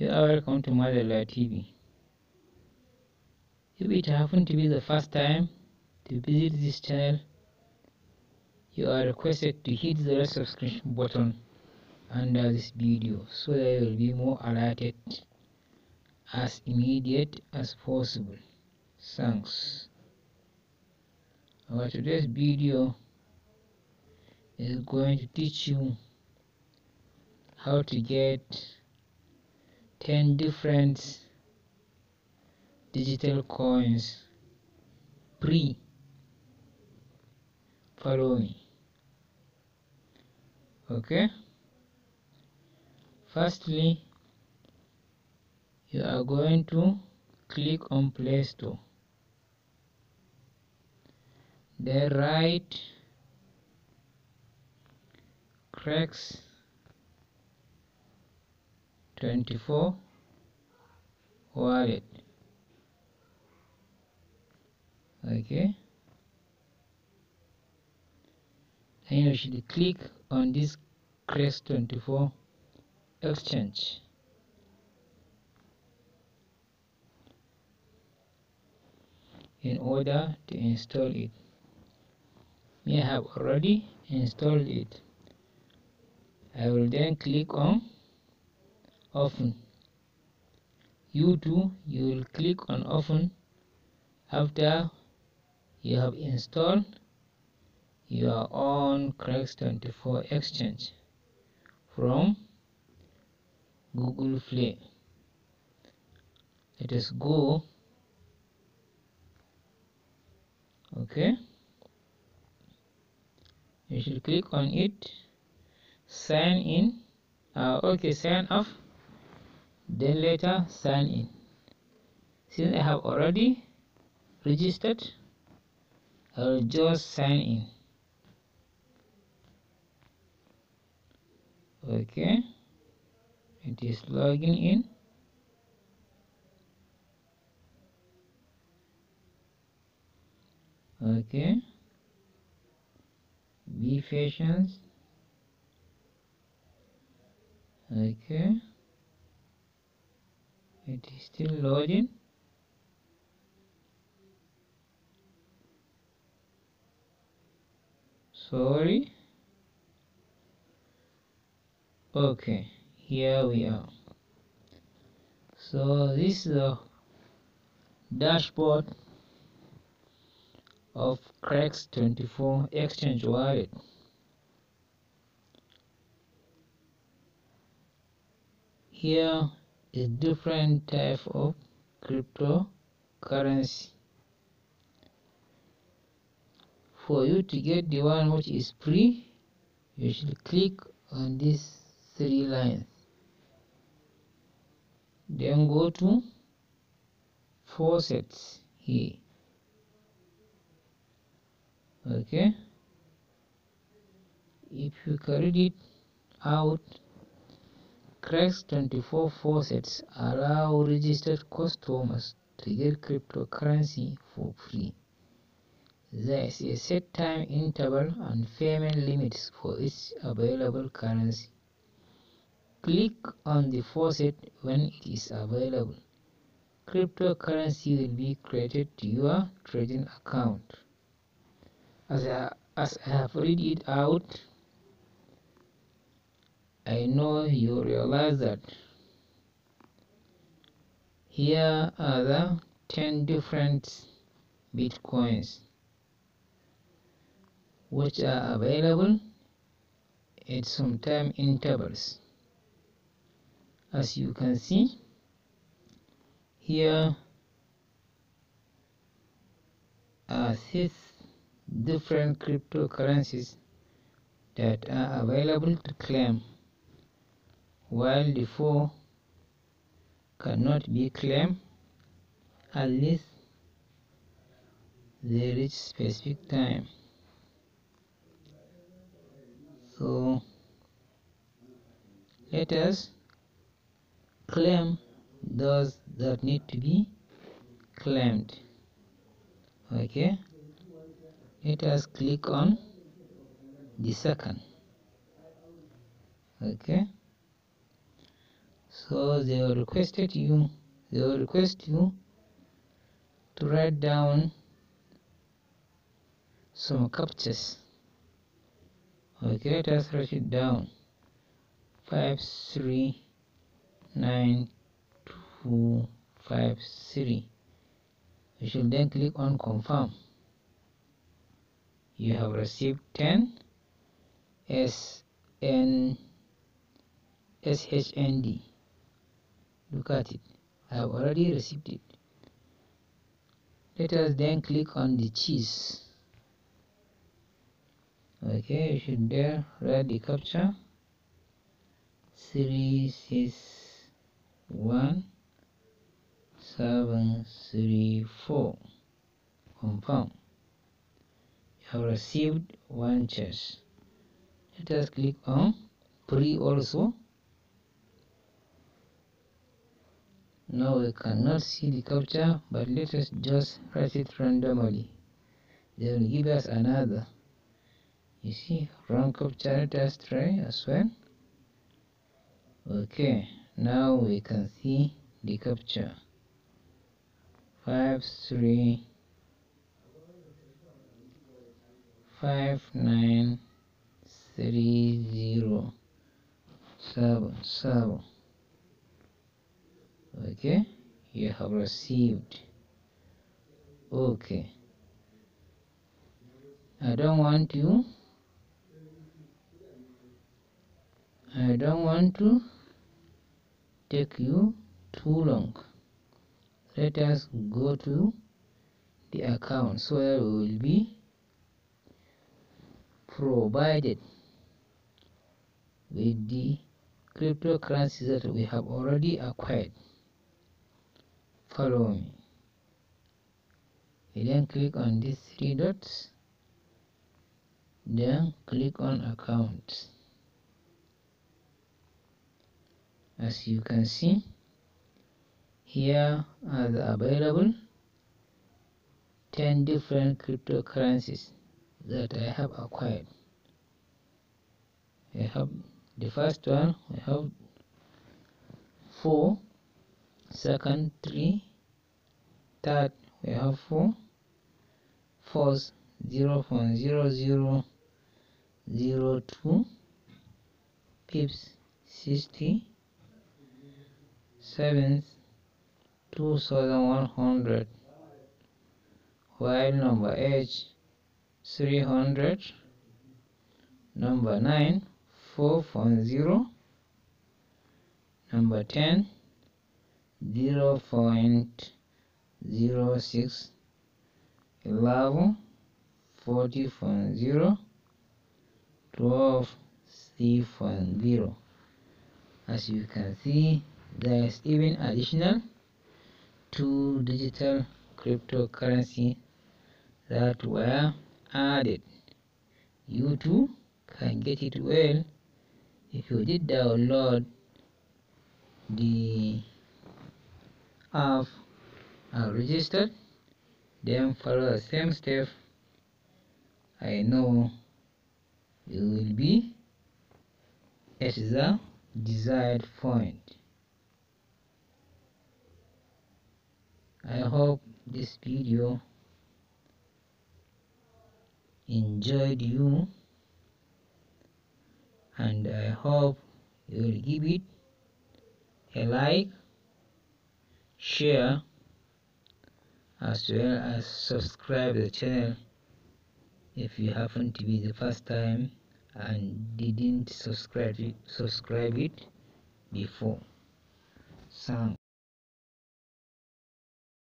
You are welcome to Madela TV. If it happened to be the first time to visit this channel, you are requested to hit the red subscription button under this video so that you will be more alerted as immediate as possible. Thanks. Our today's video is going to teach you how to get 10 different digital coins pre follow me okay firstly you are going to click on play store then write cracks 24 wallet. okay and you should click on this crest 24 exchange in order to install it may have already installed it I will then click on often you too you will click on often after you have installed your own cracks 24 exchange from google play let us go okay you should click on it sign in uh, okay sign off then later sign in since I have already registered I'll just sign in okay it is logging in okay be patient okay it is still loading sorry okay here we are so this is the dashboard of Cracks 24 Exchange Wallet. Here different type of cryptocurrency for you to get the one which is free you should click on these three lines then go to faucets here okay if you carried it out Cracks 24 faucets allow registered customers to get cryptocurrency for free. There is a set time interval and payment limits for each available currency. Click on the faucet when it is available. Cryptocurrency will be credited to your trading account. As I, as I have read it out, I know you realize that. Here are the 10 different bitcoins which are available at some time intervals. As you can see, here are six different cryptocurrencies that are available to claim while the four cannot be claimed unless they reach specific time. So let us claim those that need to be claimed. Okay, let us click on the second. Okay so they requested you they will request you to write down some captures okay let us write it down five three nine two five three you should then click on confirm you have received ten S N S H N D. Look at it. I have already received it. Let us then click on the cheese. Okay, you should there write the capture. Three six one seven three four. Confirm. You have received one chest. Let us click on pre also. Now we cannot see the capture, but let us just write it randomly. They will give us another. You see, wrong capture, let us try as well. Okay, now we can see the capture. 5, 3, 5, 9, 3, 0, 7, 7 okay you have received okay I don't want you I don't want to take you too long let us go to the account so where we will be provided with the cryptocurrencies that we have already acquired follow me you then click on these three dots then click on account as you can see here are available 10 different cryptocurrencies that I have acquired I have the first one I have four second three third we have four fourth 0 0.0002 pips sixty seventh two 2100 while number h 300 number 9 point zero number 10 Zero point zero six eleven forty point zero twelve three point zero. 0.06 11 40.0 12 as you can see there is even additional two digital cryptocurrency that were added you too can get it well if you did download the have uh, registered then follow the same step I know it will be at the desired point I hope this video enjoyed you and I hope you will give it a like share as well as subscribe the channel if you happen to be the first time and didn't subscribe it, subscribe it before. Sound.